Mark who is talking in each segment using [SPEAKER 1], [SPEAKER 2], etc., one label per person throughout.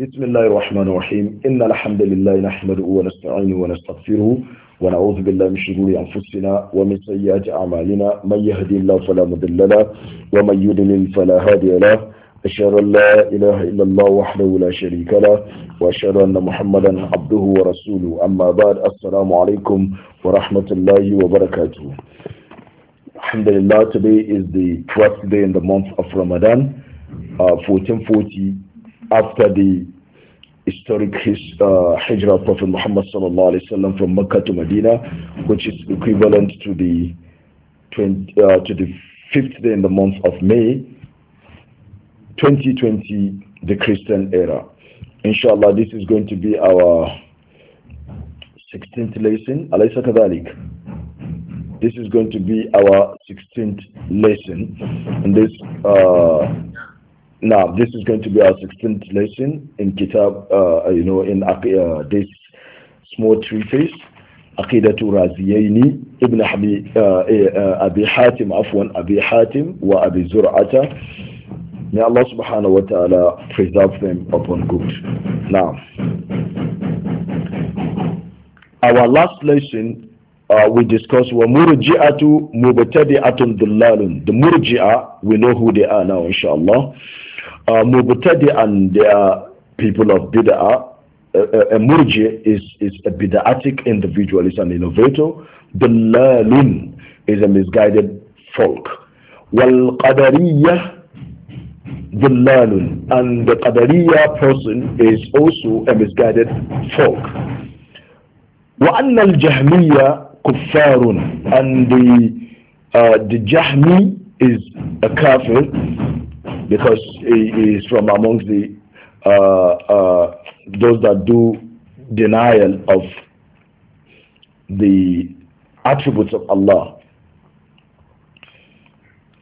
[SPEAKER 1] بسم الله الرحمن الرحيم إن الحمد لله نحمده ونستعينه ونستغفره ونعوذ بالله من شرور أنفسنا ومن سيئات أعمالنا من يهدي الله فلا مضل له ومن يضلل فلا هادي له أشهد أن لا إله إلا الله وحده لا شريك له وأشهد أن محمدا عبده ورسوله أما بعد السلام عليكم ورحمة الله وبركاته الحمد لله today is the 12th day in the month of Ramadan, uh, 1440 after the historic his, uh, hijrah of Prophet Muhammad sallallahu alaihi wasallam from Mecca to Medina, which is equivalent to the 20, uh, to the fifth day in the month of May, 2020, the Christian era. Inshallah, this is going to be our 16th lesson. Alaysa kadalik. This is going to be our 16th lesson in this uh, now, this is going to be our 16th lesson in Kitab, uh, you know, in uh, this small treatise, Aqidatu Raziyaini, Ibn Abi, uh, uh, Abi Hatim, Afwan, Abi Hatim, wa Abi Zur'ata. May Allah subhanahu wa ta'ala preserve them upon good. Now, our last lesson, uh, we discussed wa murji'atu mubtadi'atun dullalun. The murji'a, we know who they are now, inshallah uh, and the people of Bid'ah. Uh, a, uh, murji is, is a bid'atic individual, is an innovator. The Lalin is a misguided folk. Wal the Lalin And the qadariyah person is also a misguided folk. وأن الجهمية kuffarun and the, uh, the Jahmi is a kafir because he is from amongst the uh, uh, those that do denial of the attributes of Allah.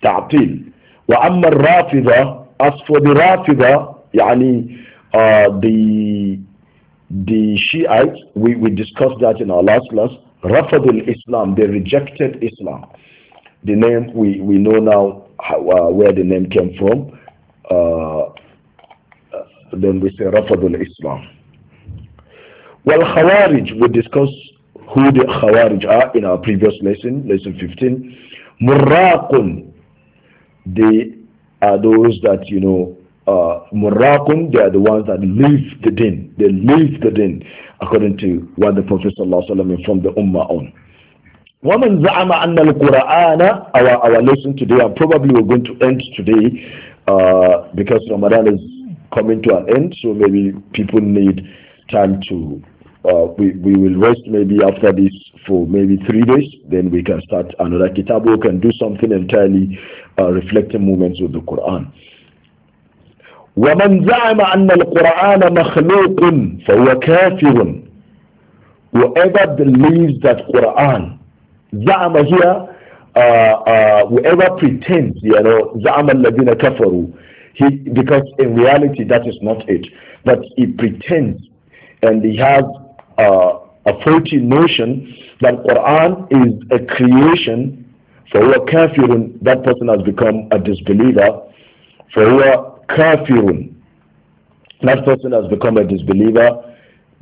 [SPEAKER 1] تعطيل وأما الرافضة as for the رافضة يعني uh, the the Shiites we, we discussed that in our last class رفض Islam they rejected Islam the name we, we know now how, uh, where the name came from uh, then we say Rafadul Islam. Well, Khawarij, we discussed who the Khawarij are in our previous lesson, lesson 15. Murraqun, they are those that, you know, uh, Murraqun, they are the ones that leave the din. They leave the din according to what the Prophet ﷺ informed the Ummah on. ومن زعم أن القرآن our, our lesson today and probably we're going to end today uh, because Ramadan is coming to an end, so maybe people need time to. Uh, we, we will rest maybe after this for maybe three days, then we can start another kitabu, can do something entirely uh, reflecting movements of the Quran. ومن زعم أن القرآن مخلوق فهو كافر whoever believes that Quran زعم here uh, uh, whoever pretends, you know, Za'aman Ladina Kafaru, he, because in reality that is not it. But he pretends and he has uh, a faulty notion that Quran is a creation for who kafirun, that person has become a disbeliever. For who kafirun, that person has become a disbeliever.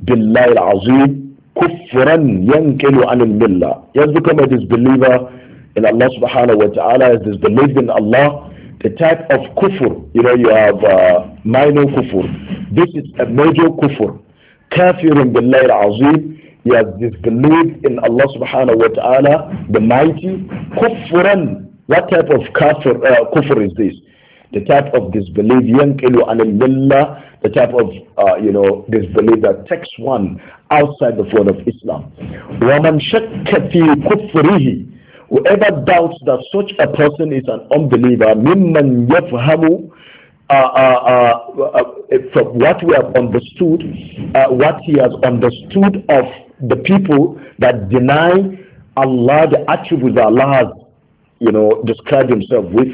[SPEAKER 1] Billahi al-azim, kufran yankilu anil millah. He has become a disbeliever in Allah subhanahu wa ta'ala, this disbelief in Allah, the type of kufr, you know, you have uh, minor kufr. This is a major kufr. Kafirun billahi al-azim, he has belief in Allah subhanahu wa ta'ala, the mighty. Kufran, what type of kafir, uh, kufr is this? The type of disbelief, yankilu anil the type of, uh, you know, disbelief that takes one outside the fold of Islam. وَمَنْ شَكَّ فِي كُفْرِهِ Whoever doubts that such a person is an unbeliever, mimman yafhamu, uh, uh, uh, from what we have understood, what he has understood of the people that deny Allah the attributes Allah has, you know, described himself with.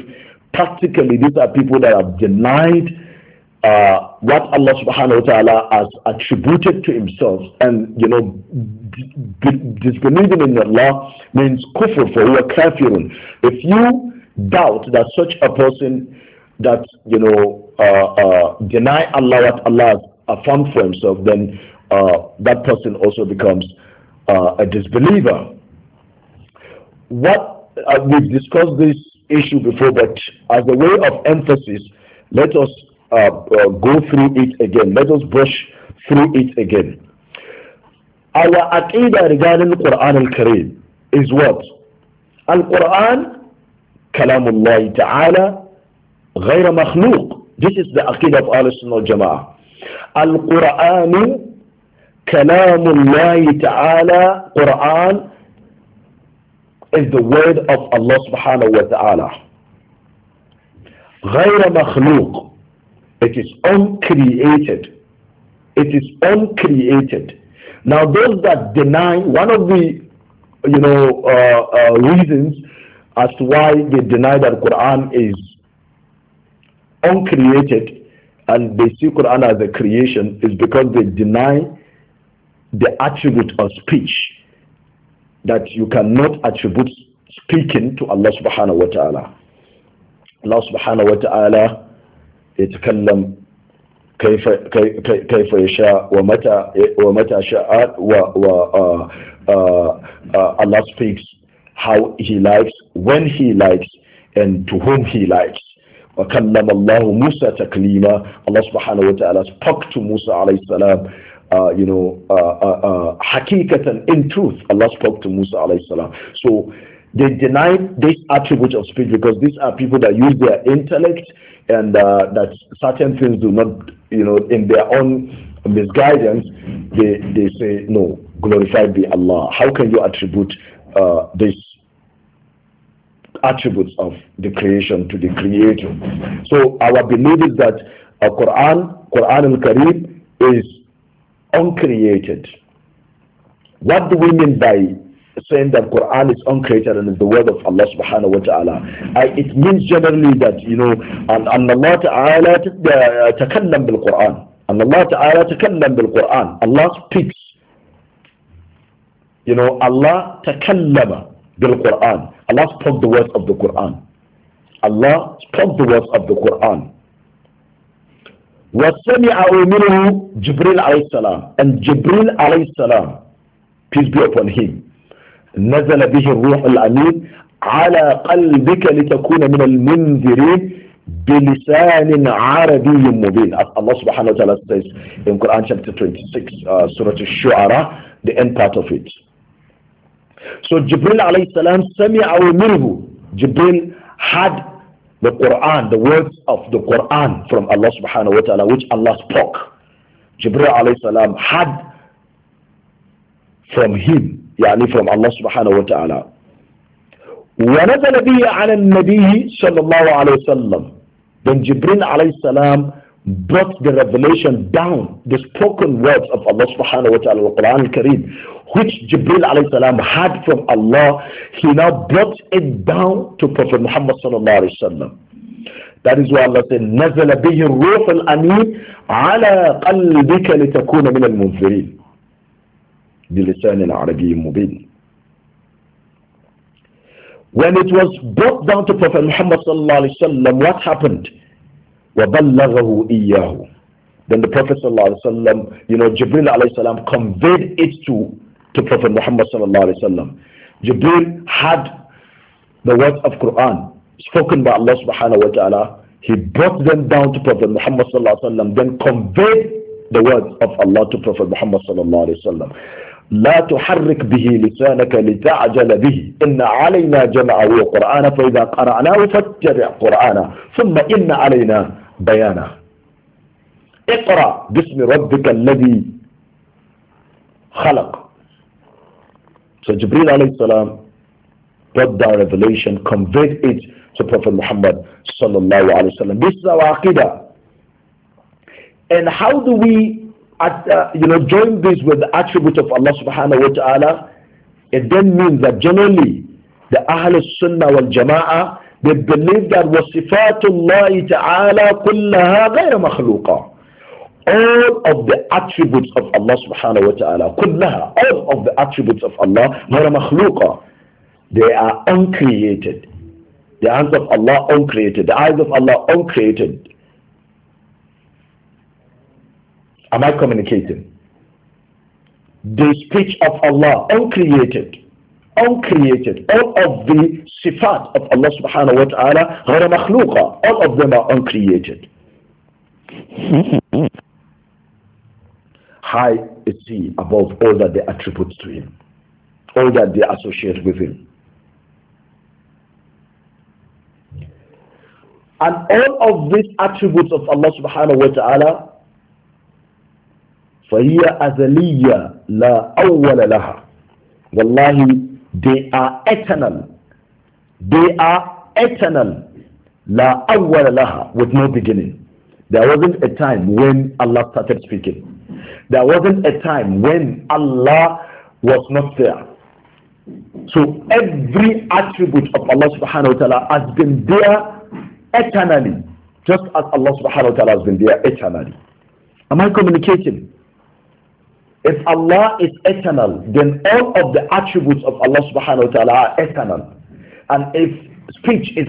[SPEAKER 1] Practically, these are people that have denied uh, what Allah subhanahu wa ta'ala has attributed to himself and you know disbelieving in Allah means kufr for your are kafirun if you doubt that such a person that you know uh, uh, deny Allah what Allah has affirmed for himself then uh, that person also becomes uh, a disbeliever what uh, we've discussed this issue before but as a way of emphasis let us uh, uh, go through it again. Let us brush through it again. Our aqidah regarding the Quran al-Kareem is what? Al-Quran, Kalamullah Ta'ala, غير مخلوق. This is the aqidah of Al-Sunnah al-Jama'ah. Al-Quran, Kalamullah Ta'ala, Quran is the word of Allah subhanahu wa ta'ala. غير مخلوق it is uncreated. It is uncreated. Now, those that deny, one of the you know uh, uh, reasons as to why they deny that Quran is uncreated and they see Quran as a creation is because they deny the attribute of speech that you cannot attribute speaking to Allah subhanahu wa ta'ala. Allah subhanahu wa ta'ala يتكلم كيف كيف يشاء ومتى ومتى شاء و, و uh, uh, Allah speaks how he likes when he likes and to whom he likes وكلم الله موسى تكليما Allah سبحانه wa ta'ala spoke to Musa عليه السلام. uh, you know uh, uh, uh, حقيقة in truth Allah spoke to Musa alayhi salam so they deny this attribute of speech because these are people that use their intellect and uh, that certain things do not, you know, in their own misguidance, they, they say, no, glorified be Allah. How can you attribute uh, these attributes of the creation to the creator? So our belief is that a uh, Quran, Quran al-Karim is uncreated. What do we mean by saying that Quran is uncreated and is the word of Allah subhanahu wa ta'ala. it means generally that, you know, and, Allah ta'ala uh, takallam bil Quran. Allah ta'ala takallam bil Quran. Allah speaks. You know, Allah takallama bil Quran. Allah spoke the words of the Quran. Allah spoke the words of the Quran. وَسَمِعَ مِنْهُ جِبْرِيلَ عَلَيْهِ السَّلَامُ And Jibril alayhi salam, peace be upon him, نزل به الروح الأمين على قلبك لتكون من المنذرين بلسان عربي مبين Allah subhanahu wa ta'ala says in Quran chapter 26 uh, Surah Al-Shu'ara the end part of it so Jibril alayhi salam sami'ahu minhu Jibril had the Quran the words of the Quran from Allah subhanahu wa ta'ala which Allah spoke Jibril alayhi salam had from him يعني from Allah سبحانه وتعالى ونزل به على النبي صلى الله عليه وسلم then Jibril عليه السلام brought the revelation down the spoken words of Allah subhanahu wa ta'ala Quran الكريم which Jibril alayhi salam had from Allah he now brought it down to Prophet Muhammad sallallahu alayhi وسلم that is why Allah said نزل به الروح الأمين على قلبك لتكون من المنذرين بلسان عربي مبين When it was brought down to Prophet Muhammad sallallahu alaihi wasallam, what happened? وَبَلَّغَهُ إِيَّاهُ Then the Prophet sallallahu alaihi wasallam, you know, Jibril alayhi salam conveyed it to, to Prophet Muhammad sallallahu alaihi wasallam. Jibril had the words of Quran spoken by Allah subhanahu wa ta'ala. He brought them down to Prophet Muhammad sallallahu alaihi wasallam, then conveyed the words of Allah to Prophet Muhammad sallallahu alaihi wasallam. لا تحرك به لسانك لتعجل به إن علينا جمعه القرآن فإذا قرأناه فاتبع قرآنه ثم إن علينا بيانه اقرأ باسم ربك الذي خلق سجبريل عليه السلام put the revelation, convey it to Prophet Muhammad صلى الله عليه وسلم This is our aqidah. And how do we at, uh, you know, join this with the attribute of Allah subhanahu wa ta'ala, it then means that generally the Ahl Sunnah wal Jama'ah, they believe that wasifatullahi ta'ala kullaha ghayra makhluqa. All of the attributes of Allah subhanahu wa ta'ala, kullaha, all of the attributes of Allah, ghayra makhluqa. They are uncreated. The hands of Allah uncreated, the eyes of Allah uncreated, Am I communicating? The speech of Allah, uncreated, uncreated. All of the sifat of Allah subhanahu wa ta'ala, غَيْرَ makhluqa. All of them are uncreated. High is He above all that they attribute to Him, all that they associate with Him. And all of these attributes of Allah subhanahu wa ta'ala فهي أزلية لا أول لها والله they are eternal they are eternal لا أول لها with no beginning there wasn't a time when Allah started speaking there wasn't a time when Allah was not there so every attribute of Allah subhanahu wa ta'ala has been there eternally just as Allah subhanahu wa ta'ala has been there eternally am I communicating if Allah is eternal, then all of the attributes of Allah subhanahu wa ta'ala are eternal. And if speech is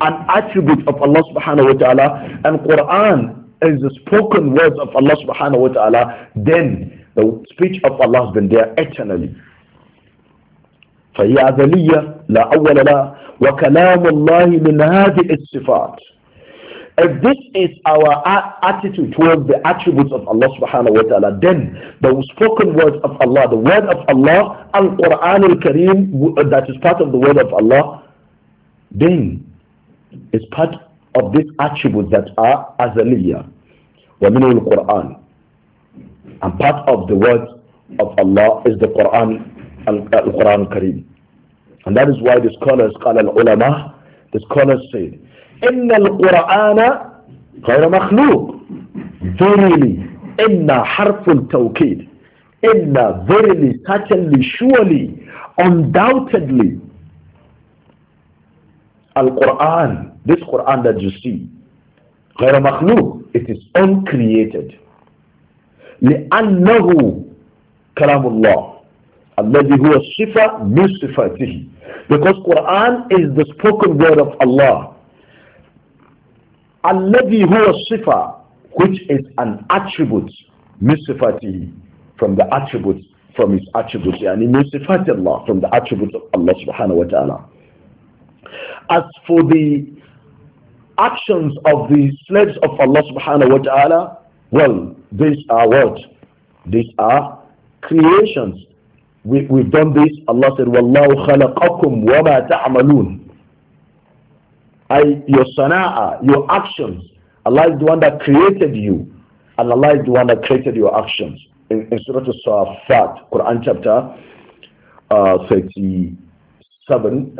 [SPEAKER 1] an attribute of Allah subhanahu wa ta'ala and Quran is the spoken words of Allah subhanahu wa ta'ala, then the speech of Allah has been there eternally. فهي أزلية لا أول لها وكلام الله من هذه الصفات if this is our attitude towards the attributes of Allah subhanahu wa ta'ala, then the spoken words of Allah, the word of Allah, Al-Quran al-Kareem, uh, that is part of the word of Allah, then is part of these attributes that are azaliyah, وَمِنُ Quran, And part of the words of Allah is the Quran, Al-Quran al-Kareem. And that is why the scholars, قال العلماء, the scholars said, إن القرآن غير مخلوق ذرني إن حرف التوكيد إن ذرني certainly surely undoubtedly القرآن this Quran that you see غير مخلوق it is uncreated لأنه كلام الله الذي هو الصفة من صفاته because Quran is the spoken word of Allah Alladhi huwa sifa, which is an attribute, misifati, from the attributes, from his attributes, yani misifati Allah, from the attributes of Allah subhanahu wa ta'ala. As for the actions of the slaves of Allah subhanahu wa ta'ala, well, these are what? These are creations. We, we've done this. Allah said, وَاللَّهُ خَلَقَكُمْ وَمَا تَعْمَلُونَ I, your sana'a, your actions. Allah is the one that created you. And Allah is the one that created your actions. In, in Surah Al-Safat, Quran chapter uh, 37,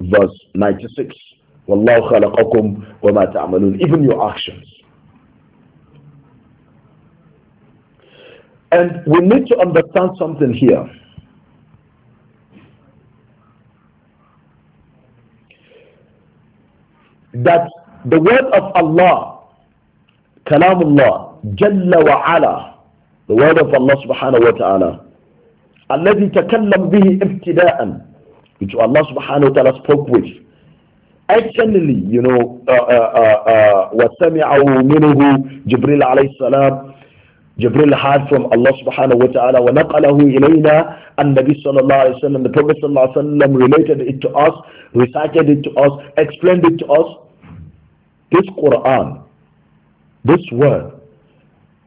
[SPEAKER 1] verse 96. وَاللَّهُ خَلَقَكُمْ وَمَا تَعْمَلُونَ Even your actions. And we need to understand something here. that the word of Allah, Kalamullah, Jalla wa Ala, the word of Allah subhanahu wa ta'ala, الذي تكلم به ابتداء, which Allah subhanahu wa ta'ala spoke with. Actually, you know, uh, uh, uh, وَسَمِعَهُ مِنْهُ جِبْرِيلَ عَلَيْهِ السَّلَامُ Jabril had from Allah subhanahu wa ta'ala wa naqalahu ilayna and Nabi sallallahu alayhi the Prophet sallallahu alayhi wa related it to us, recited it to us, explained it to us this Quran, this word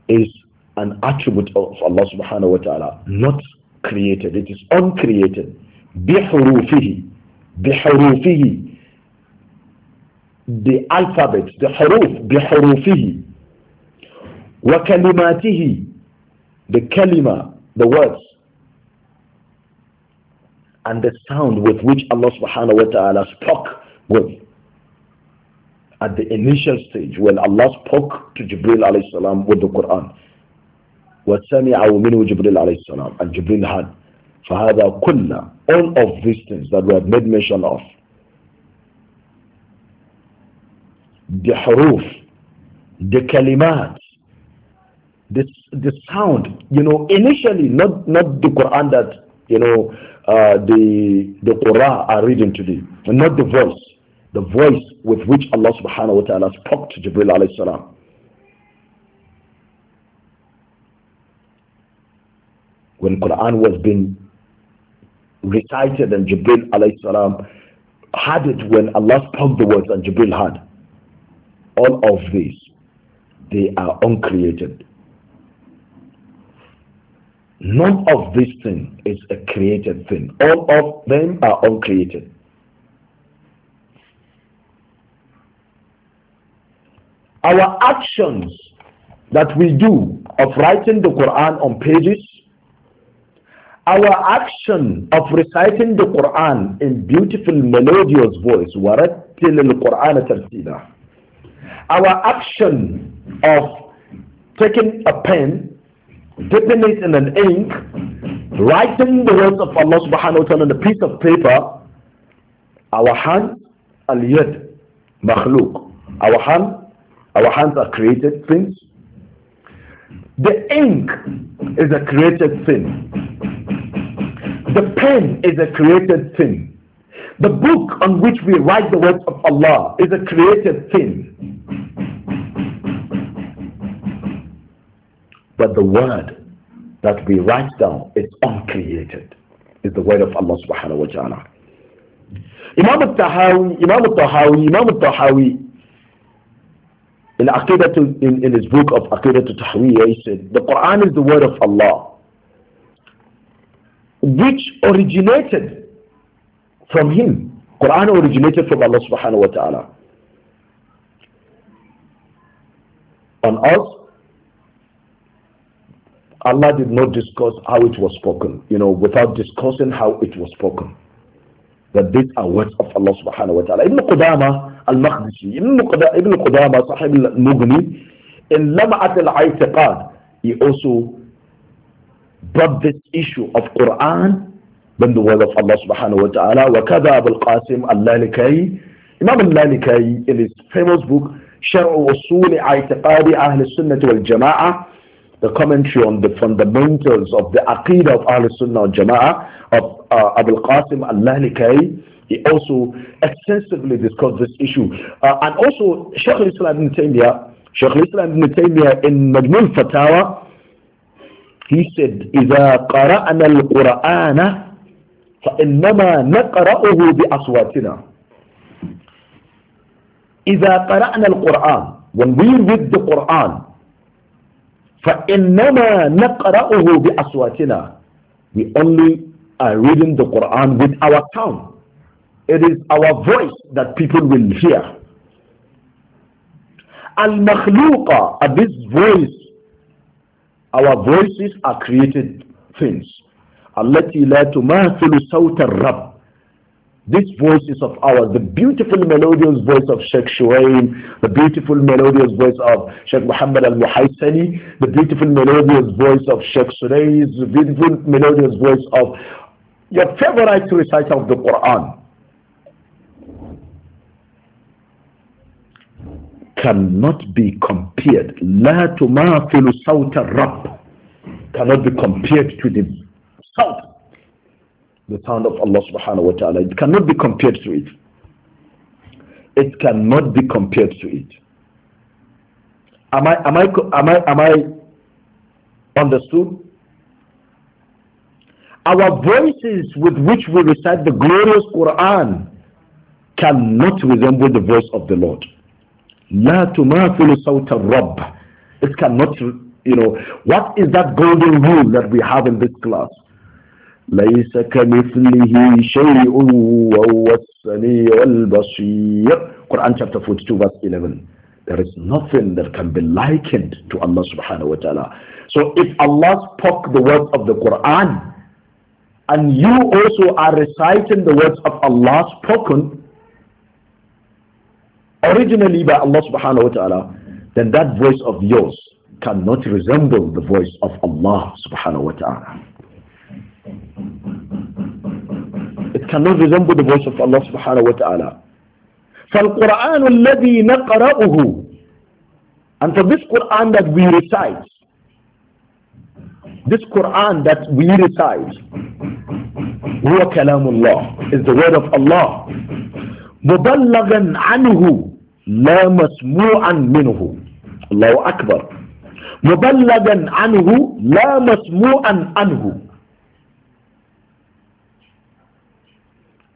[SPEAKER 1] is an attribute of Allah subhanahu wa ta'ala, not created. It is uncreated. بِحُرُوفِهِ بِحُرُوفِهِ The alphabet, the haruf, بِحُرُوفِهِ وَكَلِمَاتِهِ The kalima, the words, and the sound with which Allah subhanahu wa ta'ala spoke with at the initial stage when Allah spoke to Jibril alayhi salam with the Quran. وَسَمِعَهُ مِنْهُ جِبْرِيلَ عَلَيْهِ And Jibril had فَهَذَا كُلَّ All of these things that we have made mention of. The haruf, the kalimat, the, the sound, you know, initially, not, not the Quran that, you know, uh, the, the Qur'an are reading today, not the voice the voice with which Allah subhanahu wa ta'ala spoke to Jibril alayhi salam. When Quran was being recited and Jibril alayhi salam had it when Allah spoke the words and Jibril had. All of these, they are uncreated. None of these things is a created thing. All of them are uncreated. Our actions that we do of writing the Quran on pages, our action of reciting the Quran in beautiful melodious voice, Our action of taking a pen, dipping it in an ink, writing the words of Allah subhanahu wa ta'ala on a piece of paper, our hand, al-yad, makhluk. Our hand our hands are created things. The ink is a created thing. The pen is a created thing. The book on which we write the words of Allah is a created thing. But the word that we write down is uncreated, is the word of Allah subhanahu wa ta'ala. Imam al-Tahawi, Imam al-Tahawi, Imam al-Tahawi in, Aqidah in, in his book of Aqidah Tahwiyah, he said, the Quran is the word of Allah, which originated from him. Quran originated from Allah subhanahu wa ta'ala. On us, Allah did not discuss how it was spoken, you know, without discussing how it was spoken. That these are words of Allah subhanahu wa ta'ala. Ibn Qudamah, المخدشي ابن قدامة صاحب المغني إن لمعت al he also brought this issue of Quran than the word of Allah subhanahu wa ta'ala وكذا أبو القاسم اللالكي Imam al-Lalikai in his famous book شرع أصول اعتقاد أهل السنة والجماعة the commentary on the fundamentals of the Aqidah of Ahl al-Sunnah al jamaah of uh, Abu al-Qasim al-Lalikai He also extensively discussed this issue. Uh, and also, Sheikh Islam ibn Taymiyyah, Sheikh Islam ibn Taymiyyah in Majmul Fatawa, he said, إِذَا قَرَأْنَا الْقُرْآنَ فَإِنَّمَا نَقْرَأُهُ بِأَصْوَاتِنَا إِذَا قَرَأْنَا الْقُرْآنَ When we read the Qur'an, فَإِنَّمَا نَقْرَأُهُ بِأَصْوَاتِنَا We only are reading the Qur'an with our tongue. It is our voice that people will hear. Al-makhluqa, at this voice, our voices are created things. التي لا تماثل صوت الرب These voices of ours, the beautiful melodious voice of Sheikh Shuaim, the beautiful melodious voice of Sheikh Muhammad al-Muhaisani, the beautiful melodious voice of Sheikh Surayz, the beautiful melodious voice of your favorite reciter of the Quran. cannot be compared. La tumathilu sawta rabb cannot be compared to the sound, the sound of Allah subhanahu wa ta'ala. It cannot be compared to it. It cannot be compared to it. Am I, am I, am I, am I understood? Our voices with which we recite the glorious Quran cannot resemble the voice of the Lord. La tumathilu sawta rabb. It cannot, you know, what is that golden rule that we have in this class? Quran chapter 42 verse 11 There is nothing that can be likened to Allah subhanahu wa ta'ala. So if Allah spoke the words of the Quran and you also are reciting the words of Allah spoken, originally by Allah subhanahu wa ta'ala, then that voice of yours cannot resemble the voice of Allah subhanahu wa ta'ala. It cannot resemble the voice of Allah subhanahu wa ta'ala. فالقرآن الذي نقرأه And for this Quran that we recite, this Quran that we recite, هو كلام الله is the word of Allah مبلغا عنه لا مسموعا منه الله أكبر مبلغا anhu, la masmu'an anhu.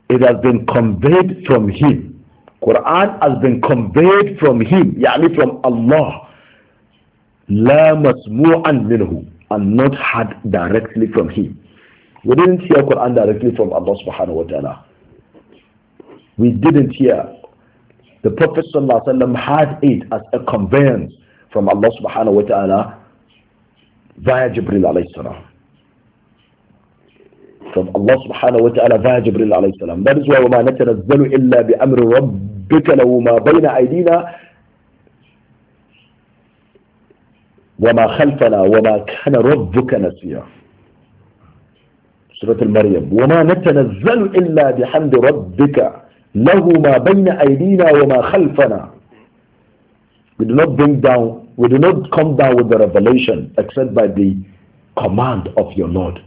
[SPEAKER 1] it has been conveyed from him Quran has been conveyed from him يعني from Allah La masmu'an minhu, and not heard directly from him we didn't hear Quran directly from Allah subhanahu wa ta'ala we didn't hear. The Prophet ﷺ had it as a conveyance from Allah subhanahu wa ta'ala via Jibril alayhi salam. From Allah subhanahu wa ta'ala via Jibril alayhi salam. That is why وَمَا نَتَنَزَّلُ إِلَّا بِأَمْرِ رَبِّكَ لَهُ مَا بَيْنَ أَيْدِينَا وَمَا خَلْفَنَا وَمَا كَانَ رَبُّكَ نَسِيًا سورة المريم وما نتنزل إلا بحمد ربك له ما بين أيدينا وما خلفنا we do not bring down we do not come down with the revelation except by the command of your Lord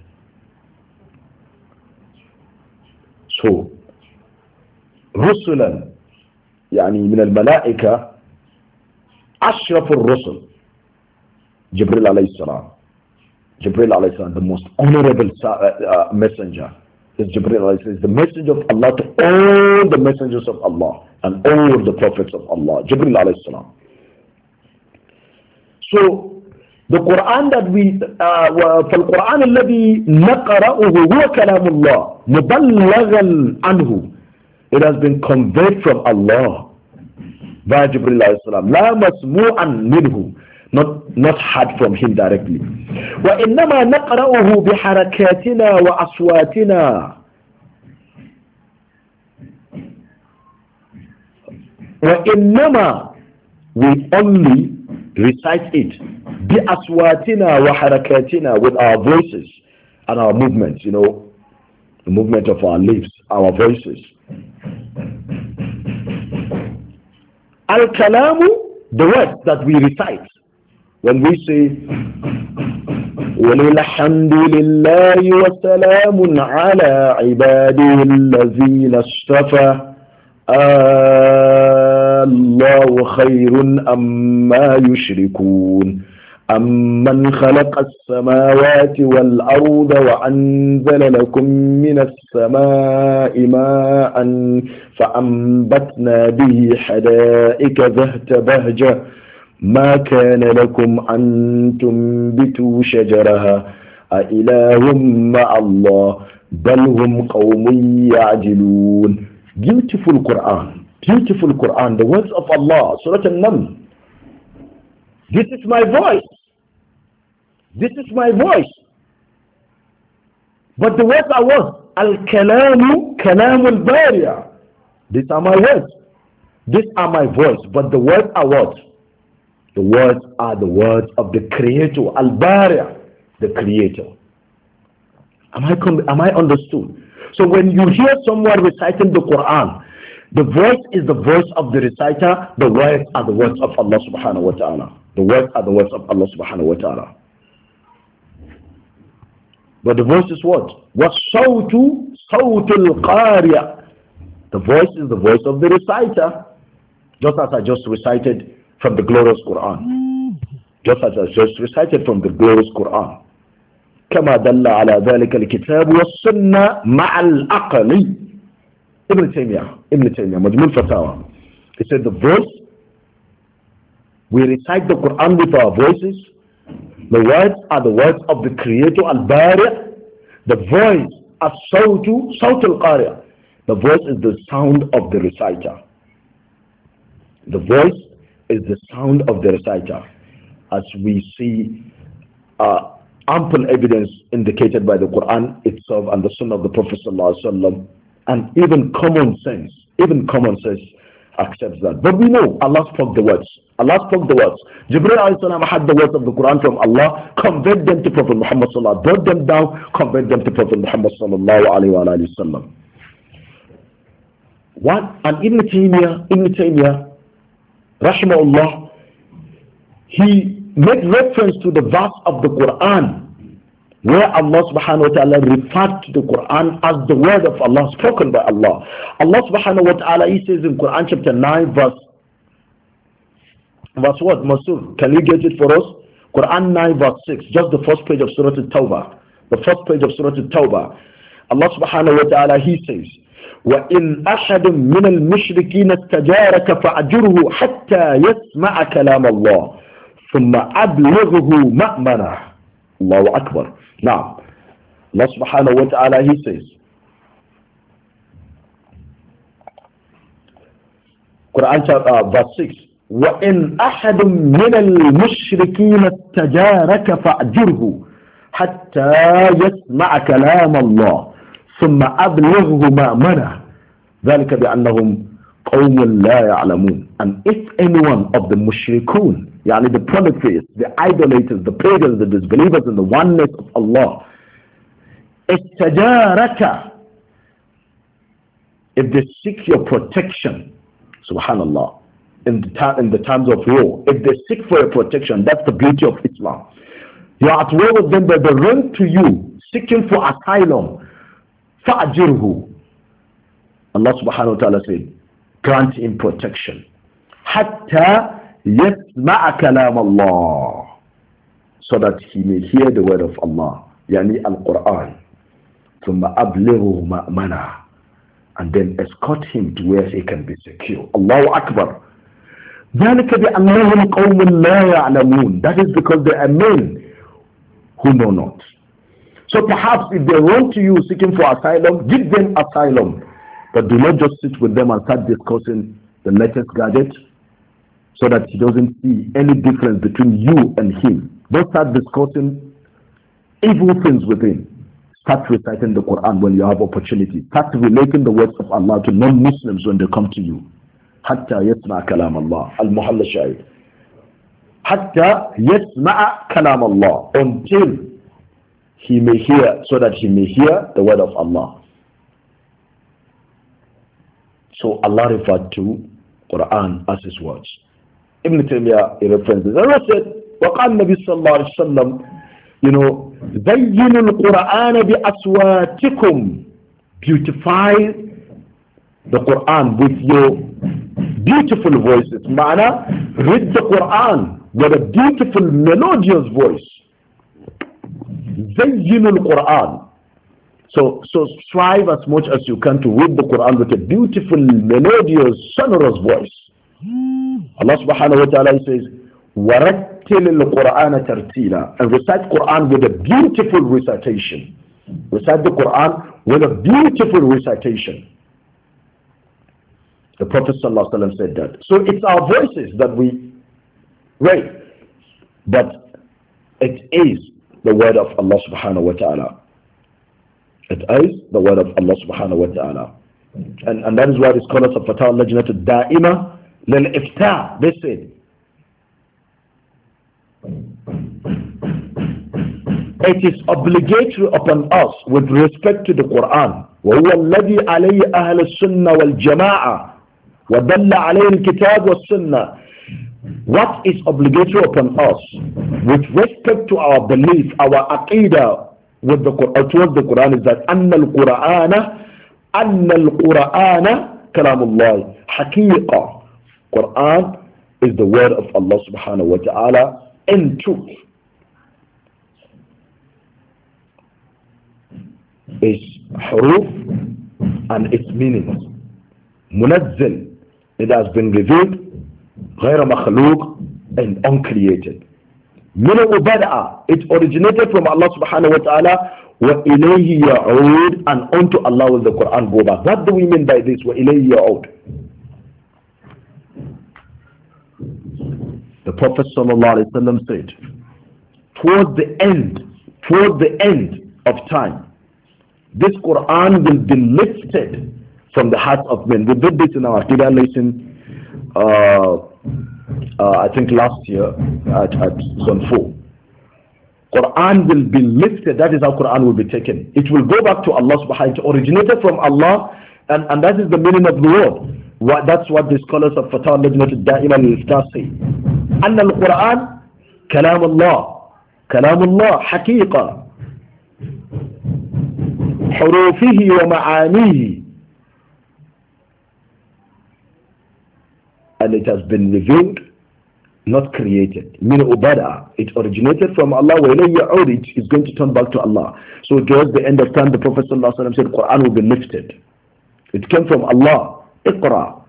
[SPEAKER 1] so رسلا يعني من الملائكة أشرف الرسل جبريل عليه السلام Jibril السلام the most honorable messenger says Jibreel is the message of Allah to all the messengers of Allah and all of the prophets of Allah. Jibreel alayhi salam. So the Quran that we uh, فالقرآن الذي نقرأه هو كلام الله مبلغا عنه it has been conveyed from Allah via Jibreel alayhi salam لا مسموعا منه not not heard from him directly وإنما نقرأه بحركاتنا وأصواتنا وإنما we only recite it بأصواتنا وحركاتنا with our voices and our movements you know the movement of our lips our voices Al-Kalamu, the words that we recite. When we say, وَلِلْحَمْدِ لِلَّهِ وَسَلَامٌ عَلَىٰ عِبَادِهِ الَّذِينَ اصْطَفَىٰ الله خير أما يشركون أمن خلق السماوات والأرض وأنزل لكم من السماء ماء فأنبتنا به حدائق ذهت بهجة ما كان لكم أن تنبتوا شجرها أإله مع الله بل هم قوم يعجلون beautiful Quran beautiful Quran the words of Allah Surah Al-Nam this is my voice this is my voice but the words are what Al-Kalamu Kalamul Bariya these are my words these are my voice but the words are what The words are the words of the Creator, Al-Bari', the Creator. Am I, am I understood? So when you hear someone reciting the Quran, the voice is the voice of the reciter, the words are the words of Allah subhanahu wa ta'ala. The words are the words of Allah subhanahu wa ta'ala. But the voice is what? وَالصَّوْتُ صَوْتُ الْقَارِيَ The voice is the voice of the reciter. Just as I just recited from the glorious Quran. Just as I just recited from the glorious Quran. كما دل على ذلك الكتاب والسنة مع العقل Ibn Taymiyyah, Ibn Taymiyyah, Majmul Fatawa. He said the voice, we recite the Quran with our voices. The words are the words of the Creator Al-Bari. The voice, as-sawtu, sawt al-qari'ah. The voice is the sound of the reciter. The voice is the sound of the reciter, as we see uh, ample evidence indicated by the Quran itself and the Sunnah of the Prophet and even common sense, even common sense accepts that. But we know Allah spoke the words. Allah spoke the words. Jibril alayhi had the words of the Quran from Allah, conveyed them to Prophet Muhammad sallallahu brought them down, conveyed them to Prophet Muhammad sallallahu alayhi wasallam. What? And Ibn Taymiyyah, Ibn Taymiyyah rahimahullah, he made reference to the verse of the Quran where Allah subhanahu wa ta'ala referred to the Quran as the word of Allah spoken by Allah. Allah subhanahu wa ta'ala he says in Quran chapter 9 verse verse what Masur can you get it for us? Quran 9 verse 6 just the first page of Surah Al-Tawbah the first page of Surah Al-Tawbah Allah subhanahu wa ta'ala he says وإن أحد من المشركين استجارك فأجره حتى يسمع كلام الله ثم أبلغه مأمنا الله أكبر نعم الله سبحانه وتعالى he says Quran uh, 6 وإن أحد من المشركين استجارك فأجره حتى يسمع كلام الله ثم أبلغهما منع ذلك بأنهم قوم لا يعلمون and if anyone of the mushrikun يعني the polytheists, the idolaters, the pagans, the disbelievers in the oneness of Allah استجارك if they seek your protection subhanallah in the, in the times of war if they seek for your protection that's the beauty of Islam you are at war with them but they run to you seeking for asylum فأجره الله سبحانه وتعالى ta'ala said grant him protection حتى يسمع كلام الله so that he may hear the word of Allah يعني القرآن ثم أبلغه مأمنا and then escort him to where he can be secure. الله أكبر ذلك بأنهم قوم لا يعلمون. That is because they are men who know not. So perhaps if they run to you seeking for asylum, give them asylum. But do not just sit with them and start discussing the latest gadget so that he doesn't see any difference between you and him. Don't start discussing evil things with him. Start reciting the Quran when you have opportunity. Start relating the words of Allah to non-Muslims when they come to you. حتى يسمع كلام الله المحل الشاهد Hatta يسمع kalam Allah until he may hear, so that he may hear the word of Allah. So Allah referred to Quran as his words. Ibn Taymiyyah he references. Allah said, وقال النبي صلى الله عليه وسلم you know زينوا القرآن بأصواتكم beautify the Quran with your beautiful voices. Ma'ana, read the Quran with a beautiful melodious voice the Quran. So, so strive as much as you can to read the Quran with a beautiful, melodious, sonorous voice. Allah subhanahu wa ta'ala says, وَرَتِّلِ الْقُرْآنَ تَرْتِيلًا And recite Quran with a beautiful recitation. Recite the Quran with a beautiful recitation. The Prophet ﷺ said that. So it's our voices that we raise. But it is the word of Allah subhanahu wa ta'ala. It is the word of Allah subhanahu wa ta'ala. And, and that is why the scholars of Fatah al-Lajnat al-Da'ima lil-Ifta, they said, it is obligatory upon us with respect to the Quran وهو الذي عليه أهل السنة والجماعة ودل عليه الكتاب والسنة what is obligatory upon us with respect to our belief, our aqidah with the, uh, towards the Quran is that al Qur'an, anna al Qur'an, kalamullah, حقيقة Quran is the word of Allah subhanahu wa ta'ala in truth is huruf and its meanings munazzil. it has been revealed غير مخلوق and uncreated منه بدأ it originated from Allah subhanahu wa ta'ala وإليه يعود and unto Allah will the Quran go back what do we mean by this وإليه يعود the Prophet sallallahu alaihi wasallam said towards the end towards the end of time this Quran will be lifted from the hearts of men we did this in our Aqidah lesson uh, uh, I think last year at, at Zone 4. Quran will be lifted. That is how Quran will be taken. It will go back to Allah subhanahu wa ta'ala. It originated from Allah and, and that is the meaning of the word. What, that's what the scholars of Fatah Lajnat Da'im al-Iftah say. Quran, Kalam Allah, Kalam Allah, الله Hurufihi, حروفه Maanihi. and it has been revealed, not created. Min ubada, it originated from Allah. Whenever it is going to turn back to Allah. So towards the end of time, the Prophet ﷺ said, Quran will be lifted. It came from Allah. Iqra.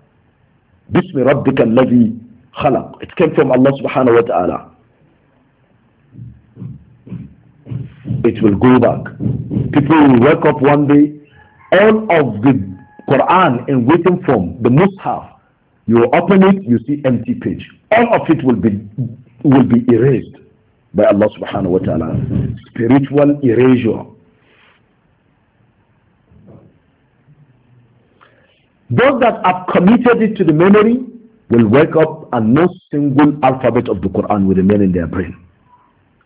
[SPEAKER 1] Bismi Rabbika alladhi khalaq. It came from Allah subhanahu wa ta'ala. It will go back. People will wake up one day. All of the Quran in written form, the Mus'haf, you open it, you see empty page. All of it will be will be erased by Allah subhanahu wa ta'ala. Spiritual erasure. Those that have committed it to the memory will wake up and no single alphabet of the Quran will remain in their brain.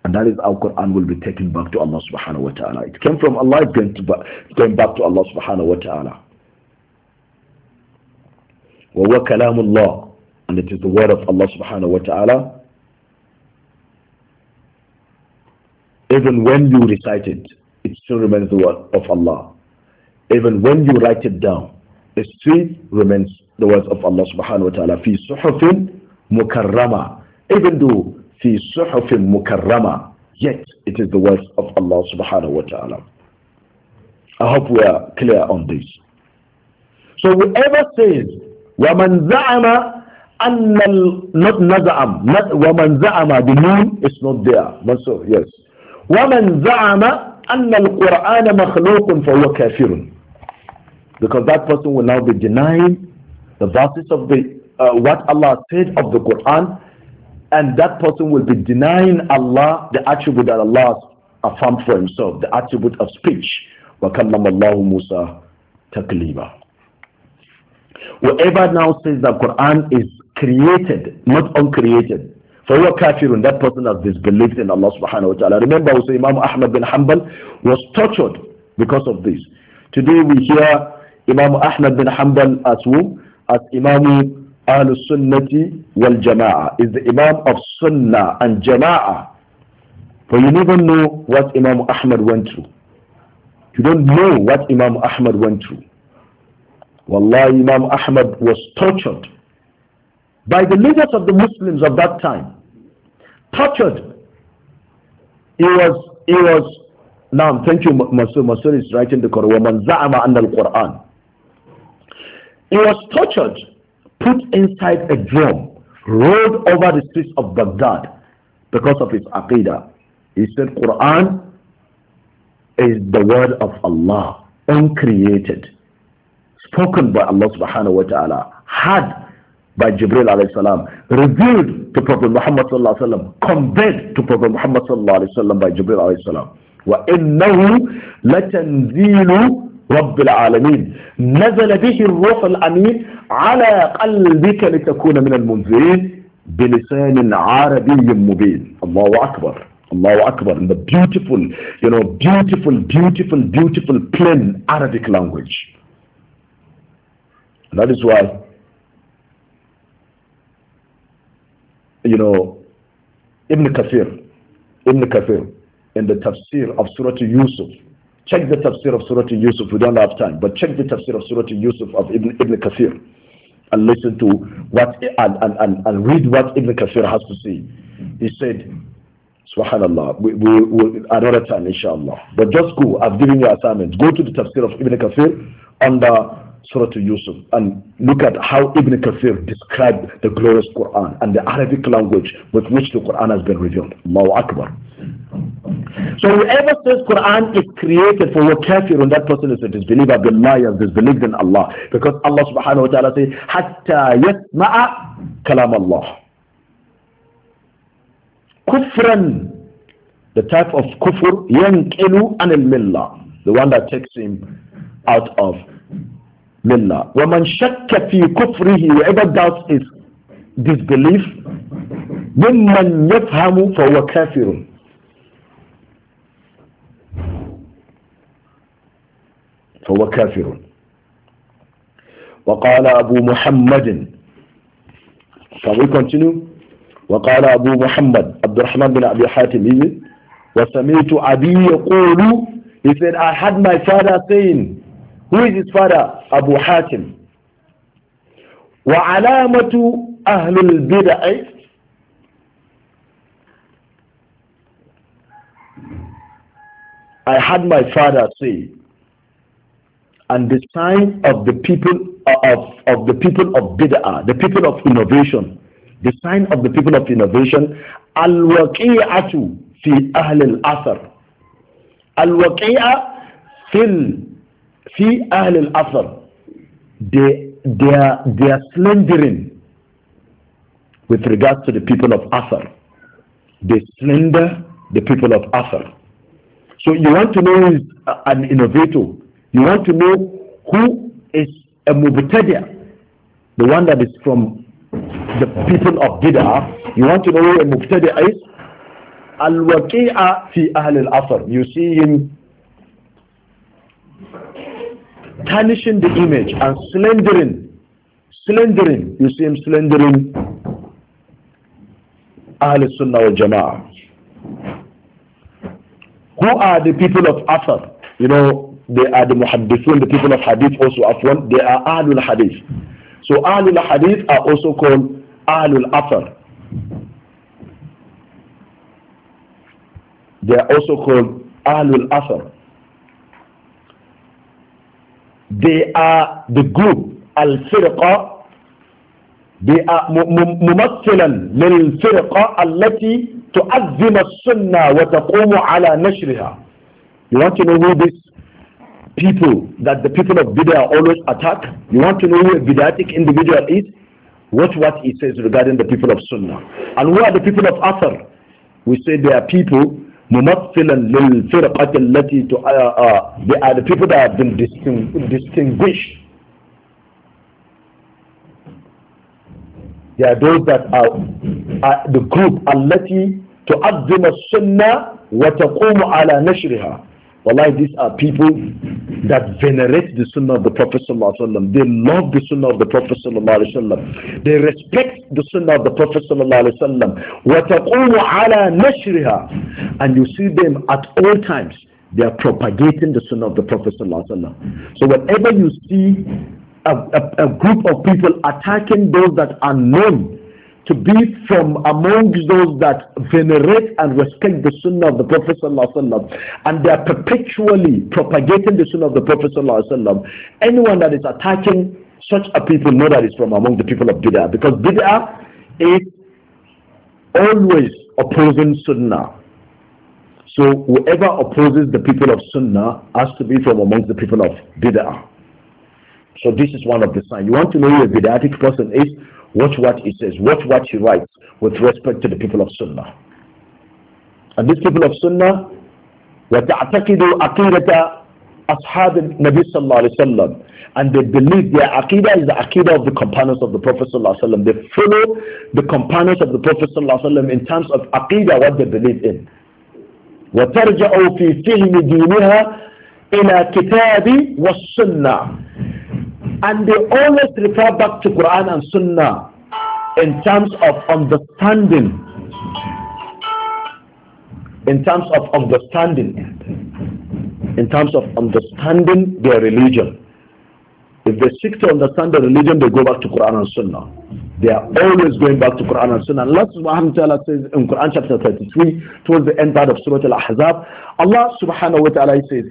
[SPEAKER 1] And that is how Quran will be taken back to Allah subhanahu wa ta'ala. It came from Allah, it's going, to, going back to Allah subhanahu wa ta'ala. وَهُوَ كَلَامُ اللَّهِ And it is the word of Allah subhanahu wa ta'ala. Even when you recite it, it still remains the word of Allah. Even when you write it down, it still remains the words of Allah subhanahu wa ta'ala. فِي صُحُفٍ مُكَرَّمَةٍ Even though فِي صُحُفٍ مُكَرَّمَةٍ Yet it is the words of Allah subhanahu wa ta'ala. I hope we are clear on this. So whoever says وَمَنْ زَعَمَ أَنَّ not نَزَعَمْ not وَمَنْ زَعَمَ the moon is not there Mansur, yes وَمَنْ زَعَمَ أَنَّ الْقُرْآنَ مَخْلُوقٌ فَهُوَ كَافِرٌ because that person will now be denying the verses of the uh, what Allah said of the Quran and that person will be denying Allah the attribute that Allah affirmed for himself the attribute of speech وَكَلَّمَ اللَّهُ مُوسَى تَكْلِيمًا Whoever now says that Quran is created, not uncreated, for your kafirun, that person has disbelieved in Allah subhanahu wa ta'ala. Remember also Imam Ahmad bin Hanbal was tortured because of this. Today we hear Imam Ahmad bin Hanbal as who? As Imam al Sunnati wal Jama'ah. Is the Imam of Sunnah and Jama'ah. For you never know what Imam Ahmad went through. You don't know what Imam Ahmad went through. Wallah, Imam Ahmad was tortured by the leaders of the Muslims of that time. Tortured. He was, he was, now thank you, Masur. Masur is writing the Quran. وَمَنْ He was tortured, put inside a drum, rolled over the streets of Baghdad because of his aqidah. He said, Quran is the word of Allah, uncreated spoken by Allah subhanahu wa ta'ala, had by Jibril alayhi salam, revealed to Prophet Muhammad sallallahu alayhi wa conveyed to Prophet Muhammad sallallahu alayhi wa by Jibril alayhi salam. وإنه لتنزيل رب العالمين نزل به الروح الأمين على قلبك لتكون من المنذرين بلسان عربي مبين الله أكبر اللَّهُ أَكْبَرُ in the beautiful, you know, beautiful, beautiful, beautiful plain Arabic language. That is why, you know, Ibn Kathir, Ibn Kathir, in the tafsir of Surah Yusuf, check the tafsir of Surah Yusuf, we don't have time, but check the tafsir of Surah Yusuf of Ibn, Ibn Kathir and listen to what, and, and, and, and read what Ibn Kathir has to say. He said, Subhanallah, we, we, we, another time, inshallah. But just go, I've given you assignment. Go to the tafsir of Ibn Kathir under. Surah Yusuf and look at how Ibn Kathir described the glorious Quran and the Arabic language with which the Quran has been revealed. Allahu Akbar. So whoever says Quran is created for your kafir and that person is a disbeliever, billahi has disbelieved in Allah. Because Allah subhanahu wa ta'ala says, Hatta yasma'a kalam Allah. Kufran, the type of kufr, yankilu anil millah. The one that takes him out of لله وَمَنْ شَكَّ فِي كُفْرِهِ Whoever doubts his disbelief, مِمَّنْ يَفْهَمُ فَهُوَ كَافِرٌ فهو كافر وقال أبو محمد Shall we continue? وقال أبو محمد عبد الرحمن بن أبي حاتم وسميت أبي يقول He said I had my father saying Who is his father? Abu Hatim. وعلامة أهل البدع I had my father say and the sign of the people of, of the people of bid'ah, the people of innovation, the sign of the people of innovation, al-waqi'atu fi ahl al-athar. Al-waqi'a fil fi al asr they they are they are slandering with regards to the people of asr they slander the people of asr so you want to know who is an innovator you want to know who is a mubtadi the one that is from the people of bid'ah you want to know who a mubtadi is al-waqi'a fi ahl al-asr you see him tarnishing the image and slandering. Slandering. You see him slandering Ahl Sunnah wal Jama'ah. Who are the people of Athar? You know, they are the Muhaddithun, the people of Hadith also Afwan. They are Ahlul Hadith. So Ahlul Hadith are also called Ahlul Athar. They are also called Ahlul Athar they are the group al-firqa ممثلا للفرقة التي تؤذم السنة وتقوم al نشرها You want to know who these people that the people of Bid'ah always attack? You want to know who a bidatic individual is? Watch what he says regarding the people of Sunnah. And who are the people of Athar? We say they are people mumathilan lil firqati allati to they are the people that have been distinguished they are those that are, the group allati تعظم wa وتقوم ala نشرها Wallahi, these are people that venerate the Sunnah of the Prophet wasallam. They love the Sunnah of the Prophet wasallam. They respect the Sunnah of the Prophet ﷺ. وَتَقُومُ عَلَى نَشْرِهَا And you see them at all times. They are propagating the Sunnah of the Prophet wasallam. So whenever you see a, a, a group of people attacking those that are known to be from amongst those that venerate and respect the sunnah of the Prophet and they are perpetually propagating the sunnah of the Prophet Anyone that is attacking such a people know that is from among the people of Bid'ah because Bid'ah is always opposing sunnah. So whoever opposes the people of Sunnah has to be from amongst the people of Bid'ah. So this is one of the signs. You want to know who a Bid'ahic person is? Watch what he says. Watch what he writes with respect to the people of Sunnah. And these people of Sunnah, وَتَعْتَقِدُ عَقِيدَةَ أَصْحَابِ النَّبِي صلى الله عليه وسلم. And they believe their aqidah is the aqidah of the companions of the Prophet صلى They follow the companions of the Prophet صلى in terms of aqidah, what they believe in. وترجع في فهم دينها إلى كتاب والسنة and they always refer back to Quran and Sunnah in terms of understanding. In terms of understanding. In terms of understanding their religion. If they seek to understand the religion, they go back to Quran and Sunnah they are always going back to Quran and Sunnah. Allah subhanahu wa ta'ala says in Quran chapter 33, towards the end part of Surah Al-Ahzab, Allah subhanahu wa ta'ala says,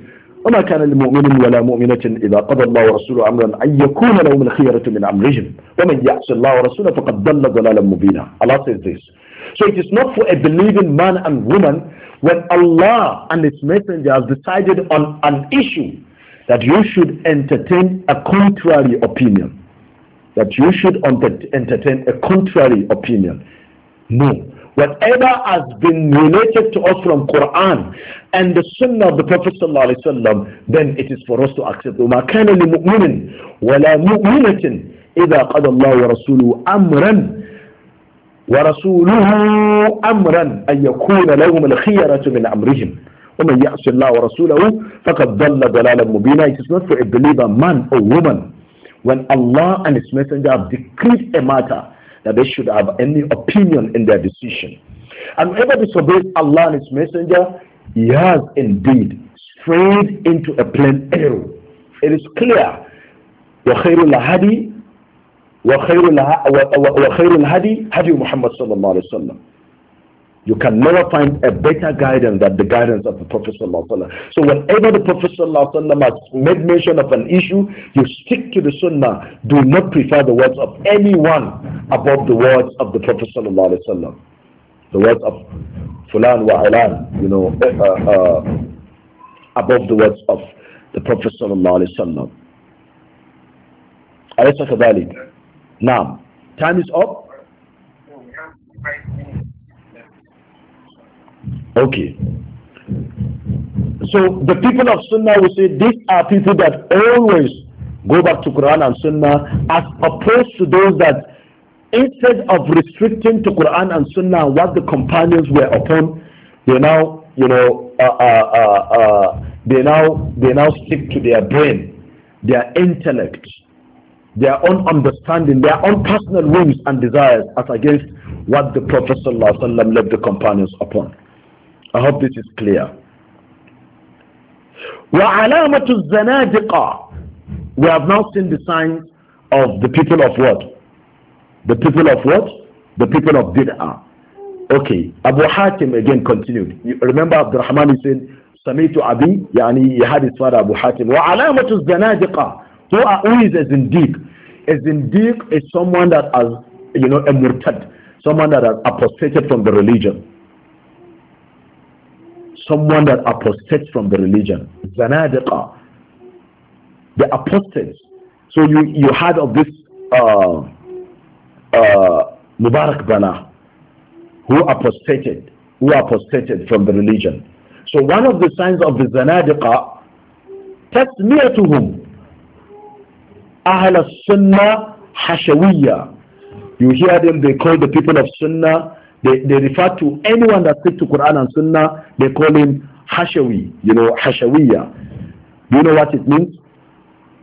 [SPEAKER 1] وما كان لمؤمن ولا مؤمنة إذا قضى الله ورسوله أمرا أن يكون لهم الخيرة من أمرهم ومن يعص الله ورسوله فقد ضل ضلالا مبينا Allah says this So it is not for a believing man and woman when Allah and His Messenger has decided on an issue that you should entertain a contrary opinion. That you should entertain a contrary opinion. No whatever has been related to us from Quran and the Sunnah of the Prophet ﷺ, then it is for us to accept. وَمَا كَانَ لِمُؤْمِنٍ وَلَا مُؤْمِنَةٍ إِذَا قَضَى اللَّهُ وَرَسُولُهُ أَمْرًا ورسوله أمرا أن يكون لهم الخيرة من أمرهم ومن يعص الله ورسوله فقد ضل ضلالا مبينا It is not for a believer man or woman when Allah and His Messenger have decreed a matter that they should have any opinion in their decision. And whoever disobeys Allah and His Messenger, he has indeed strayed into a plain error. It is clear. وخير الهدي وخير الهدي هدي محمد صلى الله عليه وسلم you can never find a better guidance than the guidance of the Prophet So whenever the Prophet has made mention of an issue, you stick to the Sunnah. Do not prefer the words of anyone above the words of the Prophet The words of Fulan wa Alan, you know, uh, uh, uh, above the words of the Prophet Sallallahu Alaihi Wasallam. Now, time is up. Okay. So the people of Sunnah will say these are people that always go back to Quran and Sunnah as opposed to those that instead of restricting to Quran and Sunnah what the companions were upon, they now, you know, uh, uh, uh, uh they now they now stick to their brain, their intellect, their own understanding, their own personal whims and desires as against what the Prophet ﷺ left the companions upon. I hope this is clear. We have now seen the signs of the people of what? The people of what? The people of Bid'ah. Okay, Abu Hatim again continued. You remember Rahman is saying, سَمِيتُ أَبِي يعني he had his father Abu Hatim. وَعَلَامَةُ الزَّنَادِقَةِ who, are, who is a zindiq? A zindiq is someone that has, you know, a murtad, someone that has apostated from the religion someone that apostates from the religion. Zanadiqa. The apostates. So you, you heard of this uh, uh, Mubarak Bana who apostated, who apostated from the religion. So one of the signs of the Zanadiqa, ahl أهل sunnah حشوية. You hear them, they call the people of Sunnah they, they refer to anyone that stick to Quran and Sunnah, they call him Hashawi, you know, Hashawiya. Do you know what it means?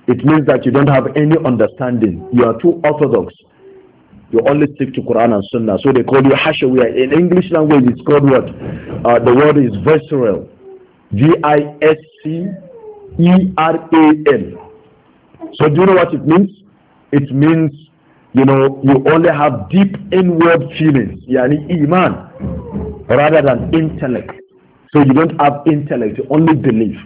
[SPEAKER 1] It means that you don't have any understanding. You are too orthodox. You only stick to Quran and Sunnah. So they call you Hashawiya. In English language, it's called what? Uh, the word is visceral. V-I-S-C-E-R-A-L. So do you know what it means? It means you know, you only have deep inward feelings, yani iman, rather than intellect. So you don't have intellect, you only believe.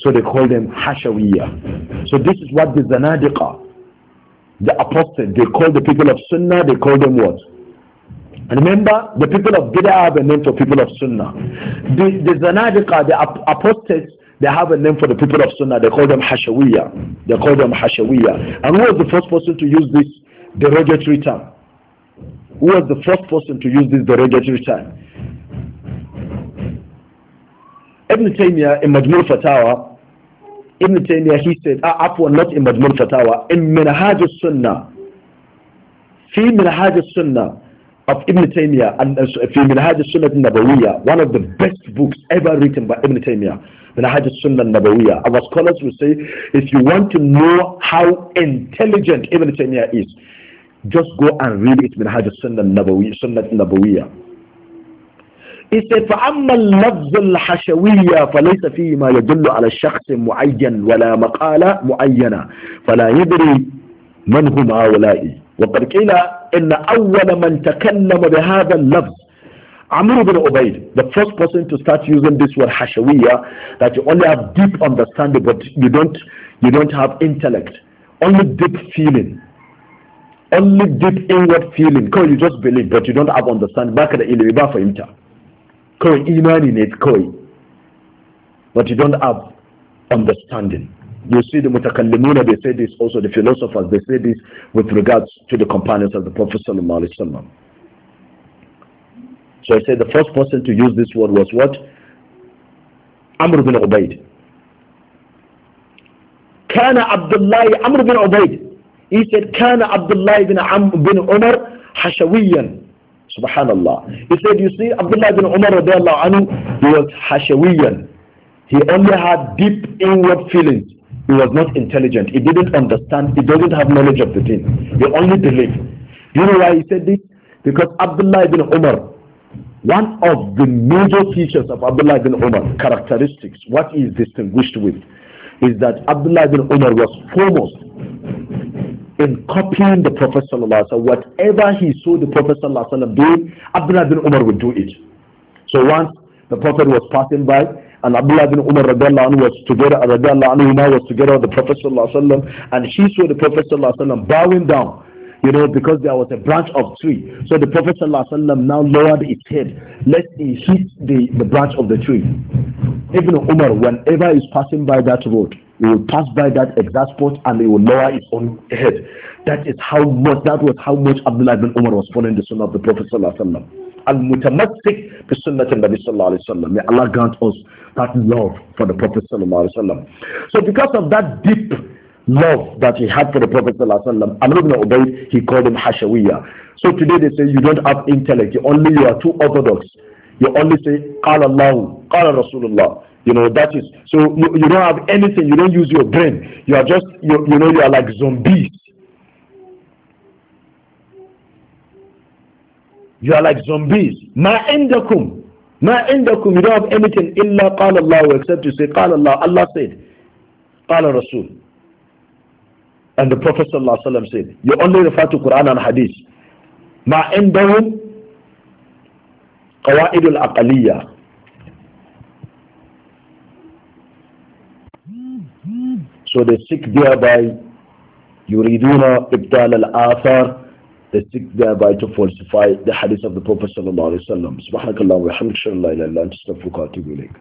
[SPEAKER 1] So they call them Hashawiyah. So this is what the Zanadiqa, the apostate, they call the people of Sunnah, they call them what? And remember, the people of Bid'ah have a name for people of Sunnah. The, the Zanadiqa, the ap apostates, they have a name for the people of Sunnah. They call them Hashawiya. They call them Hashawiya. And who was the first person to use this derogatory term? Who was the first person to use this derogatory term? Ibn Taymiyyah in Majmul Fatawa, Ibn Taymiyyah, he said, ah, Afwan, not in Majmul Fatawa, in Minhaj sunnah Fi منهاج Sunnah of Ibn Taymiyyah and في منهاج السنة النبوية one of the best books ever written by Ibn Taymiyyah Manhaj Sunnah Nabawiyah. Our scholars will say, if you want to know how intelligent Ibn Taymiyyah is, just go and read it Manhaj Sunnah Nabawiyah. It said, فأما اللفظ الحشوية فليس فيه ما يدل على شخص معين ولا مقالة معينة فلا يدري من هم هؤلاء وقد قيل إن أول من تكلم بهذا اللفظ Amr ibn Ubaid, the first person to start using this word hashawiya that you only have deep understanding, but you don't, you don't have intellect. Only deep feeling. Only deep inward feeling. because you just believe, but you don't have understanding. Baka da ilimi ba fahimta. Kawai imani ne koi, But you don't have understanding. You see the mutakallimuna, they say this also, the philosophers, they say this with regards to the companions of the Prophet sallallahu alaihi wasallam. So I said the first person to use this word was what? Amr bin Ubaid. Kana Abdullah الله عمرو بن he said Kana Abdullah bin بن bin بن hashawiyan. Subhanallah. he said you see Abdullah bin Umar رضي he was hashawiyan. he only had deep inward feelings he was not intelligent he didn't understand he doesn't have knowledge of the thing he only believed you know why he said this because Abdullah bin Umar one of the major features of Abdullah bin Umar, characteristics, what he is distinguished with, is that Abdullah bin Umar was foremost in copying the Prophet Whatever he saw the Prophet sallallahu doing, Abdullah bin Umar would do it. So once the Prophet was passing by, and Abdullah bin Umar anhu was together, anhu was together with the Prophet and he saw the Prophet bowing down you know, because there was a branch of tree. So the Prophet ﷺ now lowered his head, let he hit the, the branch of the tree. Even Umar, whenever he's passing by that road, he will pass by that exact spot and he will lower his own head. That is how much, that was how much Abdullah ibn Umar was following the sunnah of the Prophet ﷺ. Al-mutamassik bi sunnati Nabi sallallahu alayhi wa May Allah grant us that love for the Prophet sallallahu alayhi wa So because of that deep love that he had for the Prophet ﷺ. Amr ibn Ubayd, he called him Hashawiyya. So today they say you don't have intellect, you only you are too orthodox. You only say Qala Allah, Qala Rasulullah. You know that is so you, you don't have anything. You don't use your brain. You are just you, you know you are like zombies. You are like zombies. Ma indakum, ma indakum. You don't have anything illa qala Allah except you say qala Allah. Allah said, qala Rasul. And the Prophet ﷺ said, you only refer to Quran and Hadith. ما عندهم قواعد الأقلية So they seek thereby يريدون al الآثار they seek thereby to falsify the hadith of the Prophet sallallahu alaihi wasallam. Subhanakallah wa hamdika la illa anta astaghfiruka